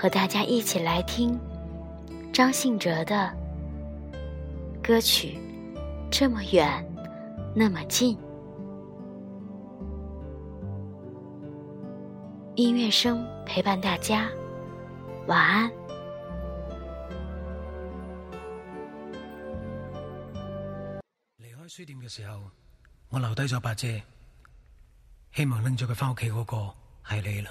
和大家一起來聽張信哲的歌曲《這麼遠那麼近》，音樂聲陪伴大家，晚安。離開書店嘅時候，我留低咗把遮，希望拎住佢翻屋企嗰個係你啦。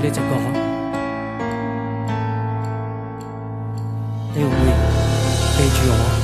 這隻歌，你會不會記住我。